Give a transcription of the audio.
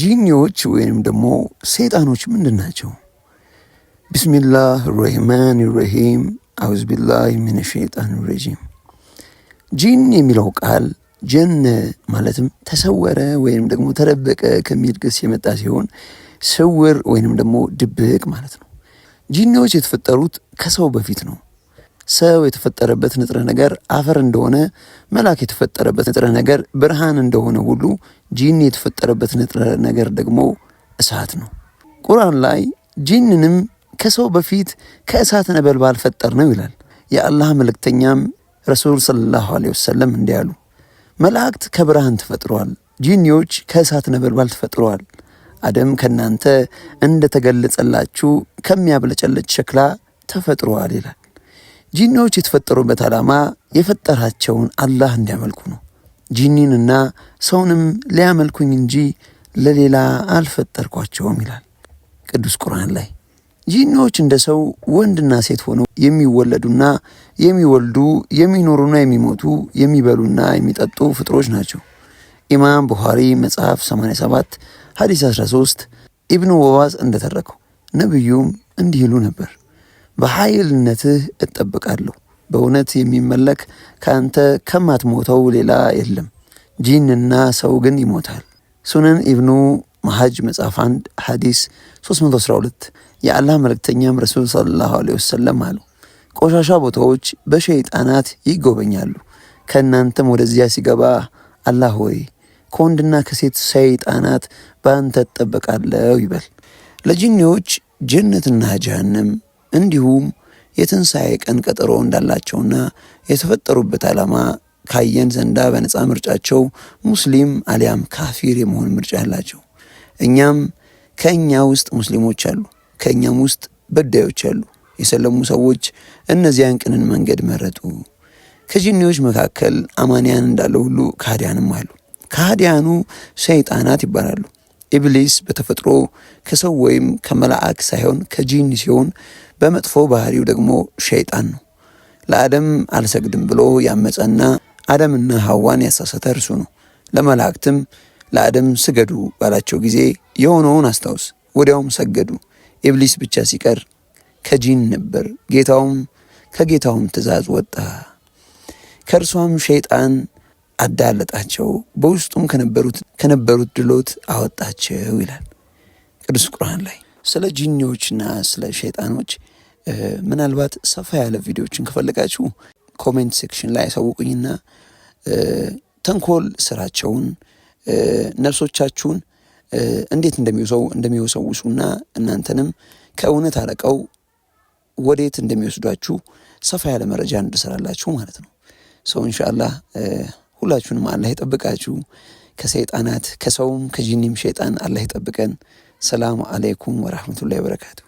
ጂኒዎች ወይንም ደግሞ ሰይጣኖች ምንድን ናቸው? ቢስሚላህ ረህማን ረሂም አውዝ ቢላህ ሚን ሸይጣን ረጂም። ጂን የሚለው ቃል ጀን ማለትም ተሰወረ ወይንም ደግሞ ተደበቀ ከሚል ግስ የመጣ ሲሆን ስውር ወይንም ደግሞ ድብቅ ማለት ነው። ጂኒዎች የተፈጠሩት ከሰው በፊት ነው። ሰው የተፈጠረበት ንጥረ ነገር አፈር እንደሆነ፣ መልአክ የተፈጠረበት ንጥረ ነገር ብርሃን እንደሆነ ሁሉ ጂን የተፈጠረበት ንጥረ ነገር ደግሞ እሳት ነው። ቁርአን ላይ ጂንንም ከሰው በፊት ከእሳት ነበልባል ፈጠር ነው ይላል። የአላህ መልእክተኛም ረሱል ሰለላሁ ዐለይሂ ወሰለም እንዲህ አሉ፣ መላእክት ከብርሃን ተፈጥረዋል፣ ጂኒዎች ከእሳት ነበልባል ተፈጥረዋል። አደም ከእናንተ እንደተገለጸላችሁ ከሚያብለጨለጭ ሸክላ ተፈጥረዋል ይላል። ጂኒዎች የተፈጠሩበት ዓላማ የፈጠራቸውን አላህ እንዲያመልኩ ነው። ጂኒንና ሰውንም ሊያመልኩኝ እንጂ ለሌላ አልፈጠርኳቸውም ይላል ቅዱስ ቁርአን ላይ። ጂኒዎች እንደ ሰው ወንድና ሴት ሆነው የሚወለዱና የሚወልዱ የሚኖሩና የሚሞቱ የሚበሉና የሚጠጡ ፍጥሮች ናቸው። ኢማም ቡኻሪ መጽሐፍ 87 ሐዲስ 13 ኢብኑ ወባዝ እንደተረከው ነቢዩም እንዲህ ይሉ ነበር በኃይልነትህ እጠብቃለሁ። በእውነት የሚመለክ ከአንተ ከማትሞተው ሌላ የለም። ጂንና ሰው ግን ይሞታል። ሱነን ኢብኑ መሐጅ መጽሐፍ 1 ሐዲስ 312 የአላህ መልእክተኛም ረሱል ሰለላሁ ዐለይሂ ወሰለም አሉ፣ ቆሻሻ ቦታዎች በሸይጣናት ይጎበኛሉ። ከእናንተም ወደዚያ ሲገባ አላህ ሆይ ከወንድና ከሴት ሰይጣናት በአንተ እጠበቃለሁ ይበል። ለጂኒዎች ጀነትና ጀሃንም እንዲሁም የትንሣኤ ቀን ቀጠሮ እንዳላቸውና የተፈጠሩበት ዓላማ ካየን ዘንዳ በነፃ ምርጫቸው ሙስሊም አሊያም ካፊር የመሆን ምርጫ ያላቸው እኛም ከእኛ ውስጥ ሙስሊሞች አሉ፣ ከእኛም ውስጥ በዳዮች አሉ። የሰለሙ ሰዎች እነዚያን ቅንን መንገድ መረጡ። ከጂኒዎች መካከል አማንያን እንዳለ ሁሉ ካህዲያንም አሉ። ካህዲያኑ ሰይጣናት ይባላሉ። ኢብሊስ በተፈጥሮ ከሰው ወይም ከመላእክ ሳይሆን ከጂን ሲሆን በመጥፎ ባህሪው ደግሞ ሸይጣን ነው። ለአደም አልሰግድም ብሎ ያመፀና አደምና ሐዋን ያሳሰተ እርሱ ነው። ለመላእክትም ለአደም ስገዱ ባላቸው ጊዜ የሆነውን አስታውስ፣ ወዲያውም ሰገዱ። ኢብሊስ ብቻ ሲቀር ከጂን ነበር። ጌታውም ከጌታውም ትእዛዝ ወጣ፣ ከእርሷም ሸይጣን አዳለጣቸው፣ በውስጡም ከነበሩት ከነበሩት ድሎት አወጣቸው ይላል ቅዱስ ቁርአን ላይ። ስለ ጂኒዎችና ስለ ሸይጣኖች ምናልባት ሰፋ ያለ ቪዲዮችን ከፈለጋችሁ ኮሜንት ሴክሽን ላይ ያሳውቁኝና ተንኮል ስራቸውን ነፍሶቻችሁን እንዴት እንደሚወሰውሱና እናንተንም ከእውነት አርቀው ወዴት እንደሚወስዷችሁ ሰፋ ያለ መረጃ እንድሰራላችሁ ማለት ነው። ሰው እንሻ አላህ ሁላችሁንም አላህ ይጠብቃችሁ ከሰይጣናት ከሰውም ከጂኒም ሸይጣን አላህ ይጠብቀን። ሰላም አለይኩም ወራህመቱላሂ ወበረካቱ።